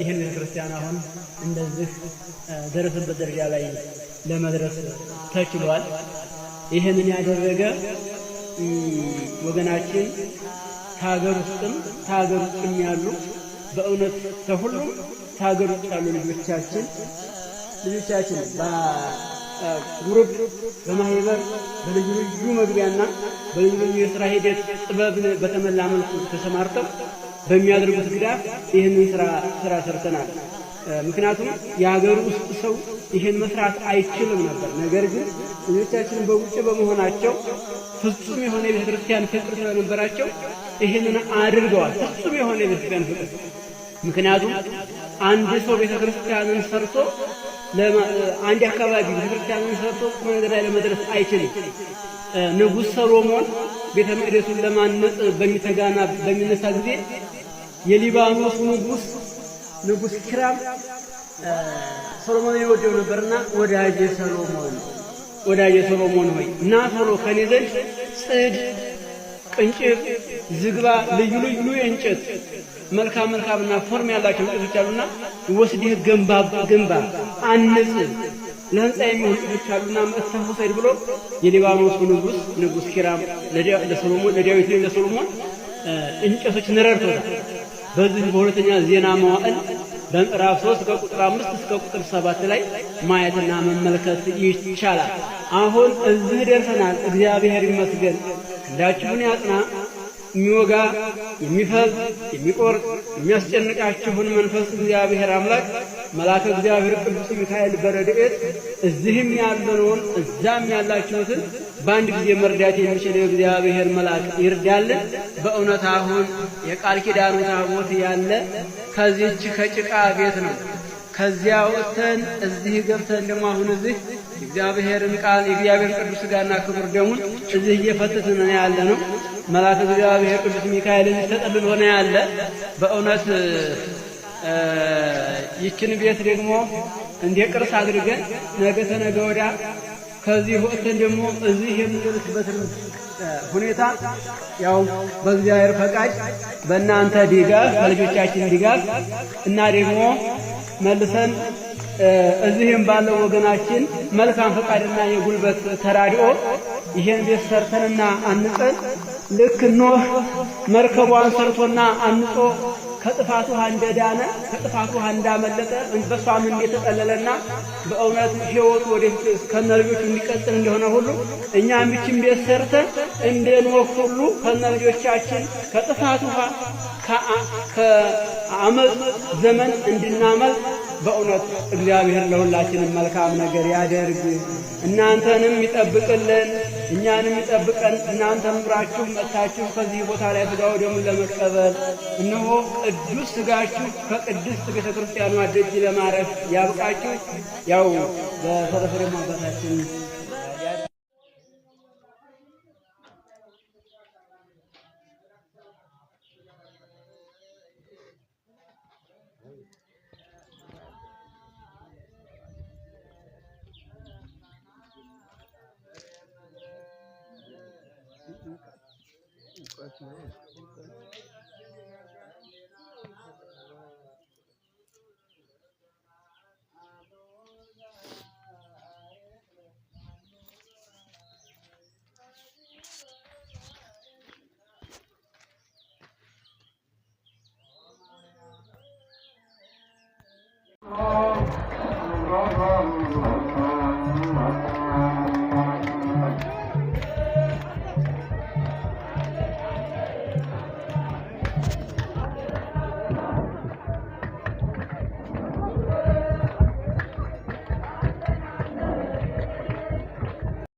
ይህን ቤተክርስቲያን ክርስቲያን አሁን እንደዚህ ደረሰበት ደረጃ ላይ ለመድረስ ተችሏል። ይህንን ያደረገ ወገናችን ከሀገር ውስጥም ከሀገር ውጭም ያሉ በእውነት ከሁሉም ከሀገር ውጭ ያሉ ልጆቻችን ልጆቻችን በጉሩብ በማህበር በልዩ ልዩ መግቢያና በልዩ ልዩ የስራ ሂደት ጥበብ በተሞላ መልኩ ተሰማርተው በሚያደርጉት ግዳ ይህንን ስራ ስራ ሰርተናል። ምክንያቱም የሀገር ውስጥ ሰው ይህን መስራት አይችልም ነበር። ነገር ግን ልጆቻችን በውጭ በመሆናቸው ፍጹም የሆነ የቤተክርስቲያን ፍቅር ስለነበራቸው ይህንን አድርገዋል። ፍጹም የሆነ የቤተክርስቲያን ፍቅር ምክንያቱም አንድ ሰው ቤተክርስቲያንን ሰርቶ አንድ አካባቢ ቤተክርስቲያንን ሰርቶ ነገር ላይ ለመድረስ አይችልም። ንጉሥ ሰሎሞን ቤተ መቅደሱን ለማነጽ በሚተጋና በሚነሳ ጊዜ የሊባኖስ ንጉስ ንጉስ ኪራም ሶሎሞን ይወደው ነበርና ወዳጄ ሰሎሞን ወዳጄ ሰሎሞን ሆይ እና ቶሎ ከኔ ዘንድ ጽድ፣ ቅንጭብ፣ ዝግባ ልዩ ልዩ እንጨት መልካም መልካምና ፎርም ያላቸው እንጨቶች አሉና ወስደህ ገንባ ገንባ አንጽ ለህንፃ የሚሆን እንጨቶች አሉና መጥተህ ውሰድ ብሎ የሊባኖሱ ንጉስ ንጉስ ኪራም ለሰሎሞን ለዳዊት ለሰሎሞን እንጨቶች ንረድቶታል። በዚህ በሁለተኛ ዜና መዋዕል በምዕራፍ 3 ከቁጥር 5 እስከ ቁጥር 7 ላይ ማየትና መመልከት ይቻላል። አሁን እዚህ ደርሰናል። እግዚአብሔር ይመስገን። ክንዳችሁን ያጽና። የሚወጋ የሚፈዝ የሚቆርጥ የሚያስጨንቃችሁን መንፈስ እግዚአብሔር አምላክ መልአከ እግዚአብሔር ቅዱስ ሚካኤል በረድኤት እዚህም ያለነውን እዛም ያላችሁትን በአንድ ጊዜ መርዳት የሚችል የእግዚአብሔር መልአክ ይርዳልን። በእውነት አሁን የቃል ኪዳኑ ታቦት ያለ ከዚህች ከጭቃ ቤት ነው። ከዚያ ወጥተን እዚህ ገብተን ደግሞ አሁን እዚህ እግዚአብሔርን ቃል የእግዚአብሔር ቅዱስ ሥጋና ክቡር ደሙን እዚህ እየፈተትን ነው ያለ ነው። መልአክ እግዚአብሔር ቅዱስ ሚካኤል እዚህ ተጠልሎ ነው ያለ። በእውነት ይችን ቤት ደግሞ እንደ ቅርስ አድርገን ነገ ተነገ ወዲያ ከዚህ ወጥተን ደግሞ እዚህ የምንደርስበትን ሁኔታ ያው በእግዚአብሔር ፈቃድ በእናንተ ድጋፍ በልጆቻችን ድጋፍ እና ደግሞ መልሰን እዚህም ባለው ወገናችን መልካም ፈቃድና የጉልበት ተራድኦ ይሄን ቤት ሰርተንና አንጸን ልክ ኖህ መርከቧን ሰርቶና አንጾ ከጥፋት ውሃ እንደዳነ ከጥፋት ውሃ እንዳመለጠ በሷም እንደተጠለለና በእውነት ሕይወት ወደ ከነ እንዲቀጥል እንደሆነ ሁሉ እኛ ይችን ቤት ሰርተን እንደ ኖህ ሁሉ ከነ ከጥፋት ውሃ ከአመፅ ዘመን እንድናመልጥ በእውነት እግዚአብሔር ለሁላችንም መልካም ነገር ያደርግ፣ እናንተንም ይጠብቅልን፣ እኛንም ይጠብቀን። እናንተም ብራችሁ መጥታችሁ ከዚህ ቦታ ላይ ሥጋ ወደሙን ለመቀበል እነሆ ቅዱስ ሥጋችሁ ከቅድስት ቤተ ክርስቲያኗ ደጅ ለማረፍ ያብቃችሁ። ያው በፈረፈሬ አባታችን Thank you.